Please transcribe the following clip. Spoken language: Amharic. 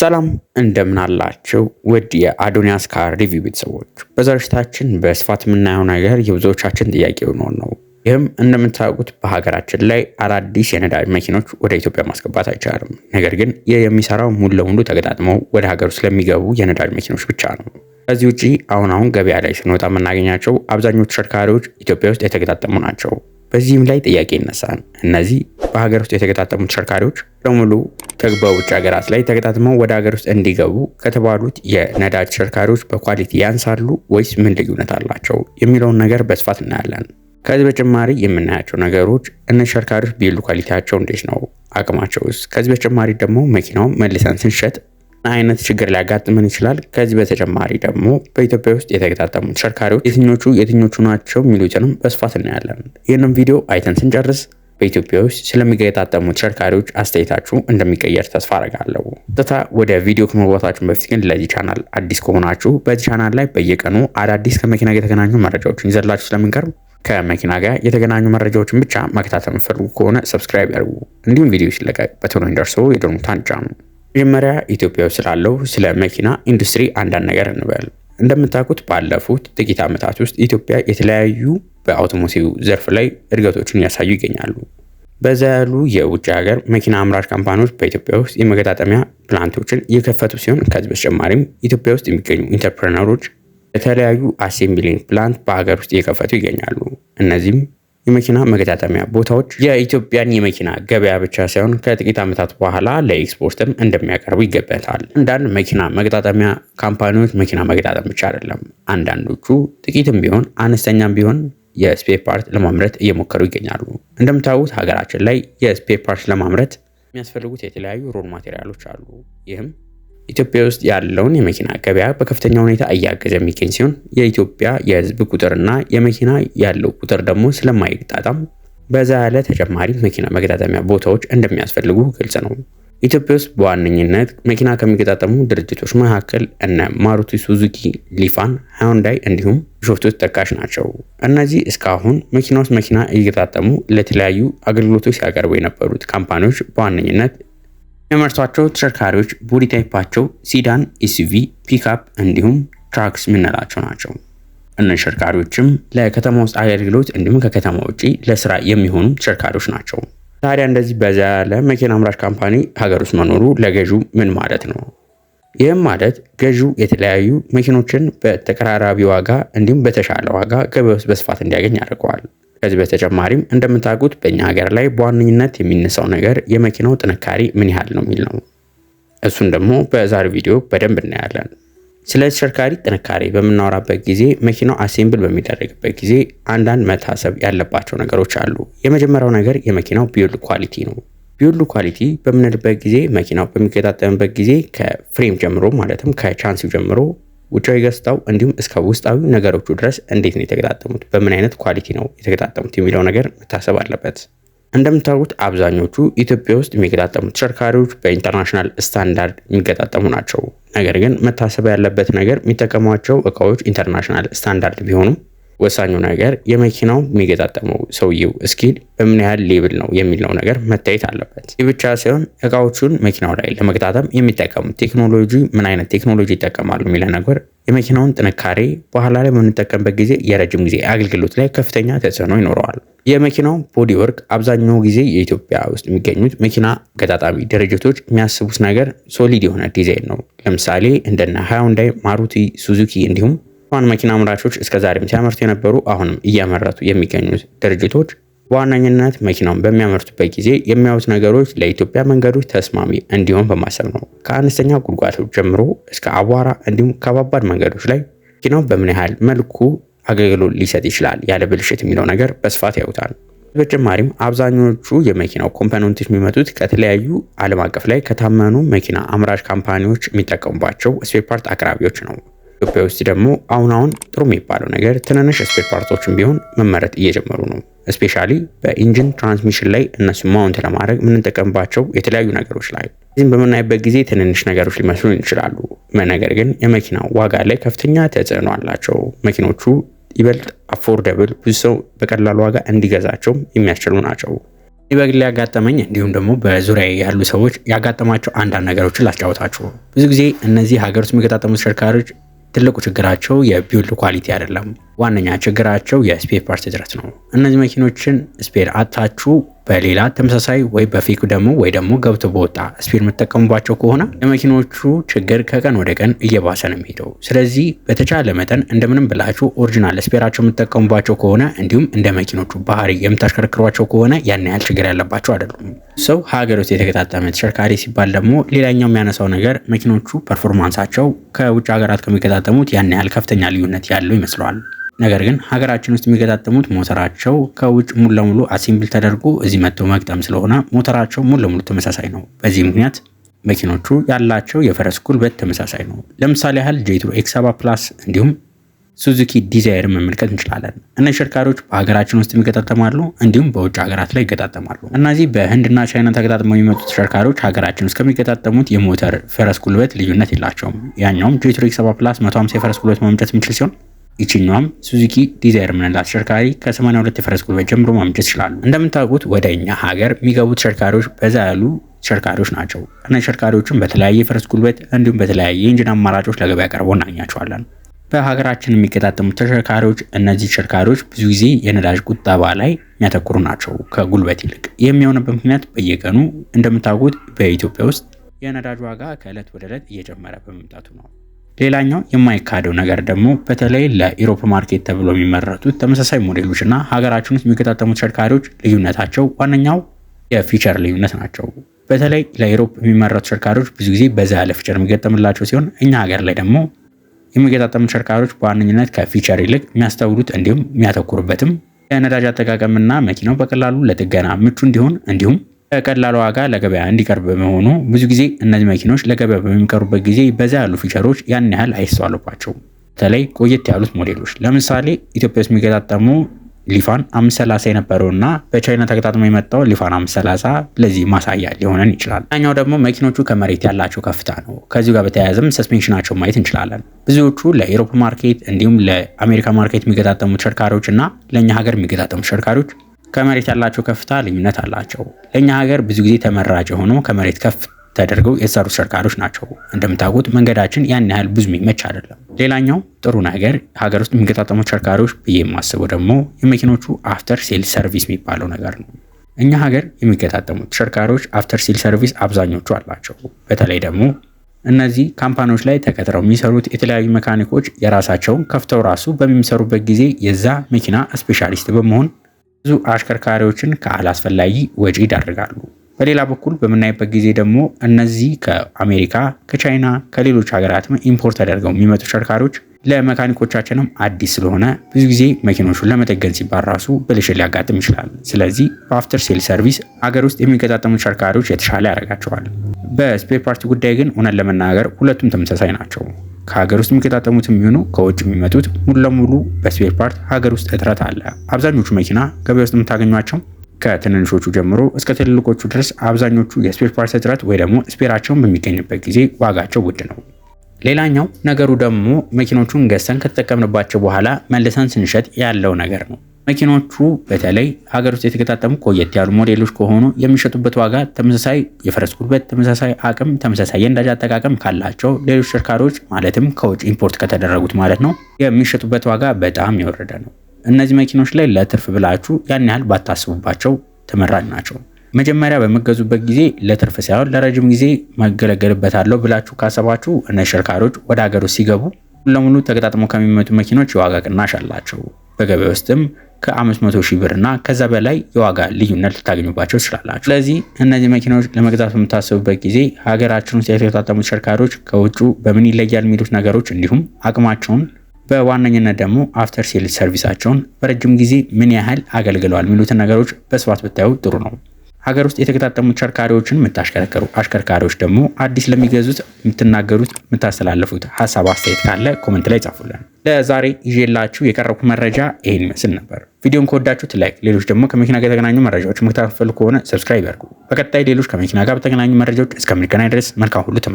ሰላም እንደምን ውድ የአዶኒያስ ካር ሪቪው ቤተሰቦች፣ በዘርሽታችን በስፋት የምናየው ነገር የብዙዎቻችን ጥያቄ ሆኖን ነው። ይህም እንደምታውቁት በሀገራችን ላይ አዳዲስ የነዳጅ መኪኖች ወደ ኢትዮጵያ ማስገባት አይቻልም። ነገር ግን ይህ የሚሰራው ሙሉ ለሙሉ ተገጣጥመው ወደ ሀገር ውስጥ ለሚገቡ የነዳጅ መኪኖች ብቻ ነው። ከዚህ ውጪ አሁን አሁን ገበያ ላይ ስንወጣ የምናገኛቸው አብዛኞቹ ተሽከርካሪዎች ኢትዮጵያ ውስጥ የተገጣጠሙ ናቸው። በዚህም ላይ ጥያቄ ይነሳል። እነዚህ በሀገር ውስጥ የተገጣጠሙ ተሽከርካሪዎች በሙሉ በውጭ ሀገራት ላይ ተገጣጥመው ወደ ሀገር ውስጥ እንዲገቡ ከተባሉት የነዳጅ ተሽከርካሪዎች በኳሊቲ ያንሳሉ ወይስ ምን ልዩነት አላቸው የሚለውን ነገር በስፋት እናያለን። ከዚህ በተጨማሪ የምናያቸው ነገሮች እነ ተሽከርካሪዎች ቢሉ ኳሊቲያቸው እንዴት ነው? አቅማቸውስ? ከዚህ በተጨማሪ ደግሞ መኪናውን መልሰን ስንሸጥ አይነት ችግር ሊያጋጥመን ይችላል። ከዚህ በተጨማሪ ደግሞ በኢትዮጵያ ውስጥ የተገጣጠሙ ተሽከርካሪዎች የትኞቹ የትኞቹ ናቸው የሚሉትንም በስፋት እናያለን። ይህንም ቪዲዮ አይተን ስንጨርስ በኢትዮጵያ ውስጥ ስለሚገጣጠሙ ተሽከርካሪዎች አስተያየታችሁ እንደሚቀየር ተስፋ አረጋለሁ። ጥታ ወደ ቪዲዮ ከመግባታችን በፊት ግን ለዚህ ቻናል አዲስ ከሆናችሁ በዚህ ቻናል ላይ በየቀኑ አዳዲስ ከመኪና ጋር የተገናኙ መረጃዎችን ይዘላችሁ ስለምንቀርብ ከመኪና ጋር የተገናኙ መረጃዎችን ብቻ መከታተል የምትፈልጉ ከሆነ ሰብስክራይብ ያድርጉ። እንዲሁም ቪዲዮ ሲለቀቅ በቶሎ እንዲደርሶ የደወሉን ታንጫኑ መጀመሪያ ኢትዮጵያ ውስጥ ስላለው ስለ መኪና ኢንዱስትሪ አንዳንድ ነገር እንበል። እንደምታውቁት ባለፉት ጥቂት ዓመታት ውስጥ ኢትዮጵያ የተለያዩ በአውቶሞቲቭ ዘርፍ ላይ እድገቶችን እያሳዩ ይገኛሉ። በዛ ያሉ የውጭ ሀገር መኪና አምራች ካምፓኒዎች በኢትዮጵያ ውስጥ የመገጣጠሚያ ፕላንቶችን እየከፈቱ ሲሆን ከዚህ በተጨማሪም ኢትዮጵያ ውስጥ የሚገኙ ኢንተርፕረነሮች የተለያዩ አሴምብሊንግ ፕላንት በሀገር ውስጥ እየከፈቱ ይገኛሉ። እነዚህም የመኪና መገጣጠሚያ ቦታዎች የኢትዮጵያን የመኪና ገበያ ብቻ ሳይሆን ከጥቂት ዓመታት በኋላ ለኤክስፖርትም እንደሚያቀርቡ ይገበታል። አንዳንድ መኪና መገጣጠሚያ ካምፓኒዎች መኪና መገጣጠም ብቻ አይደለም፣ አንዳንዶቹ ጥቂትም ቢሆን አነስተኛም ቢሆን የስፔር ፓርት ለማምረት እየሞከሩ ይገኛሉ። እንደምታዩት ሀገራችን ላይ የስፔር ፓርት ለማምረት የሚያስፈልጉት የተለያዩ ሮል ማቴሪያሎች አሉ። ይህም ኢትዮጵያ ውስጥ ያለውን የመኪና ገበያ በከፍተኛ ሁኔታ እያገዘ የሚገኝ ሲሆን የኢትዮጵያ የሕዝብ ቁጥርና የመኪና ያለው ቁጥር ደግሞ ስለማይጣጣም በዛ ያለ ተጨማሪ መኪና መገጣጠሚያ ቦታዎች እንደሚያስፈልጉ ግልጽ ነው። ኢትዮጵያ ውስጥ በዋነኝነት መኪና ከሚገጣጠሙ ድርጅቶች መካከል እነ ማሩቲ ሱዙኪ፣ ሊፋን፣ ሃዩንዳይ እንዲሁም ቢሾፍቱ ተጠቃሽ ናቸው። እነዚህ እስካሁን መኪና ውስጥ መኪና እየገጣጠሙ ለተለያዩ አገልግሎቶች ሲያቀርቡ የነበሩት ካምፓኒዎች በዋነኝነት የሚያመርቷቸው ተሽከርካሪዎች ቦዲ ታይፓቸው ሲዳን፣ ኤስቪ፣ ፒክአፕ እንዲሁም ትራክስ የምንላቸው ናቸው። እነዚህ ተሽከርካሪዎችም ለከተማ ውስጥ አገልግሎት እንዲሁም ከከተማ ውጪ ለስራ የሚሆኑ ተሽከርካሪዎች ናቸው። ታዲያ እንደዚህ በዛ ያለ መኪና አምራች ካምፓኒ ሀገር ውስጥ መኖሩ ለገዢው ምን ማለት ነው? ይህም ማለት ገዢው የተለያዩ መኪኖችን በተቀራራቢ ዋጋ እንዲሁም በተሻለ ዋጋ ገበያ ውስጥ በስፋት እንዲያገኝ ያደርገዋል። ከዚህ በተጨማሪም እንደምታውቁት በእኛ ሀገር ላይ በዋነኝነት የሚነሳው ነገር የመኪናው ጥንካሬ ምን ያህል ነው የሚል ነው። እሱን ደግሞ በዛሬው ቪዲዮ በደንብ እናያለን። ስለ ተሽከርካሪ ጥንካሬ በምናወራበት ጊዜ መኪናው አሴምብል በሚደረግበት ጊዜ አንዳንድ መታሰብ ያለባቸው ነገሮች አሉ። የመጀመሪያው ነገር የመኪናው ቢውልድ ኳሊቲ ነው። ቢውልድ ኳሊቲ በምንልበት ጊዜ መኪናው በሚገጣጠምበት ጊዜ ከፍሬም ጀምሮ ማለትም ከቻንሲው ጀምሮ ውጫዊ ገጽታው እንዲሁም እስከ ውስጣዊ ነገሮቹ ድረስ እንዴት ነው የተገጣጠሙት፣ በምን አይነት ኳሊቲ ነው የተገጣጠሙት የሚለው ነገር መታሰብ አለበት። እንደምታውቁት አብዛኞቹ ኢትዮጵያ ውስጥ የሚገጣጠሙ ተሽከርካሪዎች በኢንተርናሽናል ስታንዳርድ የሚገጣጠሙ ናቸው። ነገር ግን መታሰብ ያለበት ነገር የሚጠቀሟቸው እቃዎች ኢንተርናሽናል ስታንዳርድ ቢሆኑም ወሳኙ ነገር የመኪናው የሚገጣጠመው ሰውየው እስኪል በምን ያህል ሌብል ነው የሚለው ነገር መታየት አለበት። ይህ ብቻ ሳይሆን እቃዎቹን መኪናው ላይ ለመገጣጠም የሚጠቀሙት ቴክኖሎጂ ምን አይነት ቴክኖሎጂ ይጠቀማሉ የሚለ ነገር የመኪናውን ጥንካሬ በኋላ ላይ በምንጠቀምበት ጊዜ የረጅም ጊዜ አገልግሎት ላይ ከፍተኛ ተጽዕኖ ይኖረዋል። የመኪናው ቦዲ ወርክ አብዛኛው ጊዜ የኢትዮጵያ ውስጥ የሚገኙት መኪና ገጣጣሚ ድርጅቶች የሚያስቡት ነገር ሶሊድ የሆነ ዲዛይን ነው። ለምሳሌ እንደነ ሃዩንዳይ፣ ማሩቲ፣ ሱዙኪ እንዲሁም ጃፓን መኪና አምራቾች እስከ ዛሬም ሲያመርቱ የነበሩ አሁንም እያመረቱ የሚገኙት ድርጅቶች በዋነኝነት መኪናውን በሚያመርቱበት ጊዜ የሚያዩት ነገሮች ለኢትዮጵያ መንገዶች ተስማሚ እንዲሆን በማሰብ ነው። ከአነስተኛ ጉድጓቶች ጀምሮ እስከ አቧራ እንዲሁም ከባባድ መንገዶች ላይ መኪናው በምን ያህል መልኩ አገልግሎት ሊሰጥ ይችላል ያለ ብልሽት የሚለው ነገር በስፋት ያዩታል። በተጨማሪም አብዛኞቹ የመኪናው ኮምፖነንቶች የሚመጡት ከተለያዩ ዓለም አቀፍ ላይ ከታመኑ መኪና አምራች ካምፓኒዎች የሚጠቀሙባቸው ስፔር ፓርት አቅራቢዎች ነው። ኢትዮጵያ ውስጥ ደግሞ አሁን አሁን ጥሩ የሚባለው ነገር ትንንሽ ስፔር ፓርቶችን ቢሆን መመረት እየጀመሩ ነው። ስፔሻሊ በኢንጂን ትራንስሚሽን ላይ እነሱ ማውንት ለማድረግ የምንጠቀምባቸው የተለያዩ ነገሮች ላይ እዚህም በምናይበት ጊዜ ትንንሽ ነገሮች ሊመስሉ ይችላሉ። ነገር ግን የመኪና ዋጋ ላይ ከፍተኛ ተጽዕኖ አላቸው። መኪኖቹ ይበልጥ አፎርደብል፣ ብዙ ሰው በቀላል ዋጋ እንዲገዛቸውም የሚያስችሉ ናቸው። በግሌ ያጋጠመኝ እንዲሁም ደግሞ በዙሪያ ያሉ ሰዎች ያጋጠማቸው አንዳንድ ነገሮችን ላስጫወታችሁ። ብዙ ጊዜ እነዚህ ሀገር ውስጥ የሚገጣጠሙ ተሽከርካሪዎች ትልቁ ችግራቸው የቢውልድ ኳሊቲ አይደለም። ዋነኛ ችግራቸው የስፔር ፓርት እጥረት ነው። እነዚህ መኪኖችን ስፔር አታችሁ በሌላ ተመሳሳይ ወይ በፊክ ደግሞ ወይ ደግሞ ገብቶ በወጣ ስፔር የምትጠቀሙባቸው ከሆነ የመኪኖቹ ችግር ከቀን ወደ ቀን እየባሰ ነው የሚሄደው። ስለዚህ በተቻለ መጠን እንደምንም ብላችሁ ኦሪጂናል ስፔራቸው የምትጠቀሙባቸው ከሆነ እንዲሁም እንደ መኪኖቹ ባህሪ የምታሽከረክሯቸው ከሆነ ያን ያህል ችግር ያለባቸው አይደሉም። ሰው ሀገር ውስጥ የተገጣጠመ ተሽከርካሪ ሲባል ደግሞ ሌላኛው የሚያነሳው ነገር መኪኖቹ ፐርፎርማንሳቸው ከውጭ ሀገራት ከሚገጣጠሙት ያን ያህል ከፍተኛ ልዩነት ያለው ይመስለዋል። ነገር ግን ሀገራችን ውስጥ የሚገጣጠሙት ሞተራቸው ከውጭ ሙሉ ለሙሉ አሲምብል ተደርጎ እዚህ መጥተው መግጠም ስለሆነ ሞተራቸው ሙሉ ለሙሉ ተመሳሳይ ነው። በዚህ ምክንያት መኪኖቹ ያላቸው የፈረስ ጉልበት ተመሳሳይ ነው። ለምሳሌ ያህል ጄትሮ ኤክሳባ 7 ፕላስ እንዲሁም ሱዙኪ ዲዛይር መመልከት እንችላለን። እነዚህ ሽከርካሪዎች በሀገራችን ውስጥ የሚገጣጠማሉ፣ እንዲሁም በውጭ ሀገራት ላይ ይገጣጠማሉ። እነዚህ በህንድና ቻይና ተገጣጥመው የሚመጡት ተሽከርካሪዎች ሀገራችን ውስጥ ከሚገጣጠሙት የሞተር ፈረስ ጉልበት ልዩነት የላቸውም። ያኛውም ጄትሮ ኤክሳባ 7 ፕላስ 150 የፈረስ ጉልበት ማምጨት የሚችል ሲሆን ይችኛዋም ሱዙኪ ዲዛይር ምንላት ተሽከርካሪ ከ82 የፈረስ ጉልበት ጀምሮ ማምጨት ይችላሉ። እንደምታውቁት ወደ እኛ ሀገር የሚገቡ ተሽከርካሪዎች በዛ ያሉ ተሽከርካሪዎች ናቸው እና ተሽከርካሪዎቹን በተለያየ የፈረስ ጉልበት እንዲሁም በተለያየ ኢንጂን አማራጮች ለገበያ ቀርቦ እናገኛቸዋለን። በሀገራችን የሚገጣጠሙ ተሽከርካሪዎች እነዚህ ተሽከርካሪዎች ብዙ ጊዜ የነዳጅ ቁጠባ ላይ የሚያተኩሩ ናቸው ከጉልበት ይልቅ። የሚሆንበት ምክንያት በየቀኑ እንደምታውቁት በኢትዮጵያ ውስጥ የነዳጅ ዋጋ ከዕለት ወደ ዕለት እየጨመረ በመምጣቱ ነው። ሌላኛው የማይካደው ነገር ደግሞ በተለይ ለኢሮፕ ማርኬት ተብሎ የሚመረቱት ተመሳሳይ ሞዴሎች እና ሀገራችን ውስጥ የሚገጣጠሙ ተሽከርካሪዎች ልዩነታቸው ዋነኛው የፊቸር ልዩነት ናቸው። በተለይ ለኢሮፕ የሚመረቱ ተሽከርካሪዎች ብዙ ጊዜ በዛ ያለ ፊቸር የሚገጠምላቸው ሲሆን እኛ ሀገር ላይ ደግሞ የሚገጣጠሙ ተሽከርካሪዎች በዋነኝነት ከፊቸር ይልቅ የሚያስተውሉት እንዲሁም የሚያተኩሩበትም የነዳጅ አጠቃቀምና መኪናው በቀላሉ ለጥገና ምቹ እንዲሆን እንዲሁም በቀላል ዋጋ ለገበያ እንዲቀርብ በመሆኑ ብዙ ጊዜ እነዚህ መኪኖች ለገበያ በሚቀርቡበት ጊዜ በዛ ያሉ ፊቸሮች ያን ያህል አይስተዋሉባቸውም። በተለይ ቆየት ያሉት ሞዴሎች ለምሳሌ ኢትዮጵያ ውስጥ የሚገጣጠሙ ሊፋን 530 የነበረው እና በቻይና ተገጣጥሞ የመጣው ሊፋን 530 ለዚህ ማሳያ ሊሆነን ይችላል። ኛው ደግሞ መኪኖቹ ከመሬት ያላቸው ከፍታ ነው። ከዚሁ ጋር በተያያዘም ሰስፔንሽናቸው ማየት እንችላለን። ብዙዎቹ ለኤሮፓ ማርኬት እንዲሁም ለአሜሪካ ማርኬት የሚገጣጠሙ ተሽከርካሪዎች እና ለእኛ ሀገር የሚገጣጠሙ ተሽከርካሪዎች ከመሬት ያላቸው ከፍታ ልዩነት አላቸው። ለእኛ ሀገር ብዙ ጊዜ ተመራጭ የሆኑ ከመሬት ከፍ ተደርገው የተሰሩ ተሽከርካሪዎች ናቸው። እንደምታውቁት መንገዳችን ያን ያህል ብዙ የሚመች አይደለም። ሌላኛው ጥሩ ነገር ሀገር ውስጥ የሚገጣጠሙ ተሽከርካሪዎች ብዬ የማስበው ደግሞ የመኪኖቹ አፍተር ሴል ሰርቪስ የሚባለው ነገር ነው። እኛ ሀገር የሚገጣጠሙ ተሽከርካሪዎች አፍተር ሴል ሰርቪስ አብዛኞቹ አላቸው። በተለይ ደግሞ እነዚህ ካምፓኒዎች ላይ ተቀጥረው የሚሰሩት የተለያዩ መካኒኮች የራሳቸውን ከፍተው ራሱ በሚሰሩበት ጊዜ የዛ መኪና ስፔሻሊስት በመሆን ብዙ አሽከርካሪዎችን ከአላስፈላጊ ወጪ ይዳርጋሉ። በሌላ በኩል በምናይበት ጊዜ ደግሞ እነዚህ ከአሜሪካ፣ ከቻይና፣ ከሌሎች ሀገራትም ኢምፖርት ተደርገው የሚመጡ ተሽከርካሪዎች ለመካኒኮቻችንም አዲስ ስለሆነ ብዙ ጊዜ መኪኖቹን ለመጠገን ሲባል ራሱ ብልሽት ሊያጋጥም ይችላል። ስለዚህ በአፍተር ሴል ሰርቪስ አገር ውስጥ የሚገጣጠሙ ተሽከርካሪዎች የተሻለ ያደርጋቸዋል። በስፔር ፓርት ጉዳይ ግን እውነት ለመናገር ሁለቱም ተመሳሳይ ናቸው። ከሀገር ውስጥ የሚገጣጠሙት የሚሆኑ ከውጭ የሚመጡት ሙሉ ለሙሉ በስፔር ፓርት ሀገር ውስጥ እጥረት አለ። አብዛኞቹ መኪና ገበያ ውስጥ የምታገኟቸው ከትንንሾቹ ጀምሮ እስከ ትልልቆቹ ድረስ አብዛኞቹ የስፔር ፓርት እጥረት ወይ ደግሞ ስፔራቸውን በሚገኝበት ጊዜ ዋጋቸው ውድ ነው። ሌላኛው ነገሩ ደግሞ መኪኖቹን ገዝተን ከተጠቀምንባቸው በኋላ መልሰን ስንሸጥ ያለው ነገር ነው። መኪኖቹ በተለይ ሀገር ውስጥ የተገጣጠሙ ቆየት ያሉ ሞዴሎች ከሆኑ የሚሸጡበት ዋጋ ተመሳሳይ የፈረስ ጉልበት፣ ተመሳሳይ አቅም፣ ተመሳሳይ የነዳጅ አጠቃቀም ካላቸው ሌሎች ተሽከርካሪዎች ማለትም ከውጭ ኢምፖርት ከተደረጉት ማለት ነው የሚሸጡበት ዋጋ በጣም የወረደ ነው። እነዚህ መኪኖች ላይ ለትርፍ ብላችሁ ያን ያህል ባታስቡባቸው ተመራጭ ናቸው። መጀመሪያ በመገዙበት ጊዜ ለትርፍ ሳይሆን ለረጅም ጊዜ መገለገልበታለሁ ብላችሁ ካሰባችሁ እነዚህ ተሽከርካሪዎች ወደ ሀገር ውስጥ ሲገቡ ሙሉ ለሙሉ ተገጣጥሞ ከሚመጡ መኪኖች የዋጋ ቅናሽ አላቸው። በገበያ ውስጥም ከ500 ሺህ ብር እና ከዛ በላይ የዋጋ ልዩነት ልታገኙባቸው ትችላላችሁ። ስለዚህ እነዚህ መኪናዎች ለመግዛት በምታስቡበት ጊዜ ሀገራችን ውስጥ የተወጣጠሙ ተሽከርካሪዎች ከውጩ በምን ይለያል የሚሉት ነገሮች እንዲሁም አቅማቸውን በዋነኝነት ደግሞ አፍተር ሴል ሰርቪሳቸውን በረጅም ጊዜ ምን ያህል አገልግለዋል የሚሉትን ነገሮች በስፋት ብታዩ ጥሩ ነው። ሀገር ውስጥ የተገጣጠሙ ተሽከርካሪዎችን የምታሽከረከሩ አሽከርካሪዎች ደግሞ አዲስ ለሚገዙት የምትናገሩት የምታስተላልፉት ሀሳብ አስተያየት ካለ ኮመንት ላይ ጻፉልን። ለዛሬ ይዤላችሁ የቀረብኩ መረጃ ይህን ይመስል ነበር። ቪዲዮን ከወዳችሁት ላይክ፣ ሌሎች ደግሞ ከመኪና ጋር የተገናኙ መረጃዎች የምትካፈሉ ከሆነ ሰብስክራይብ ያድርጉ። በቀጣይ ሌሎች ከመኪና ጋር በተገናኙ መረጃዎች እስከምንገናኝ ድረስ መልካም ሁሉ ተመኘ።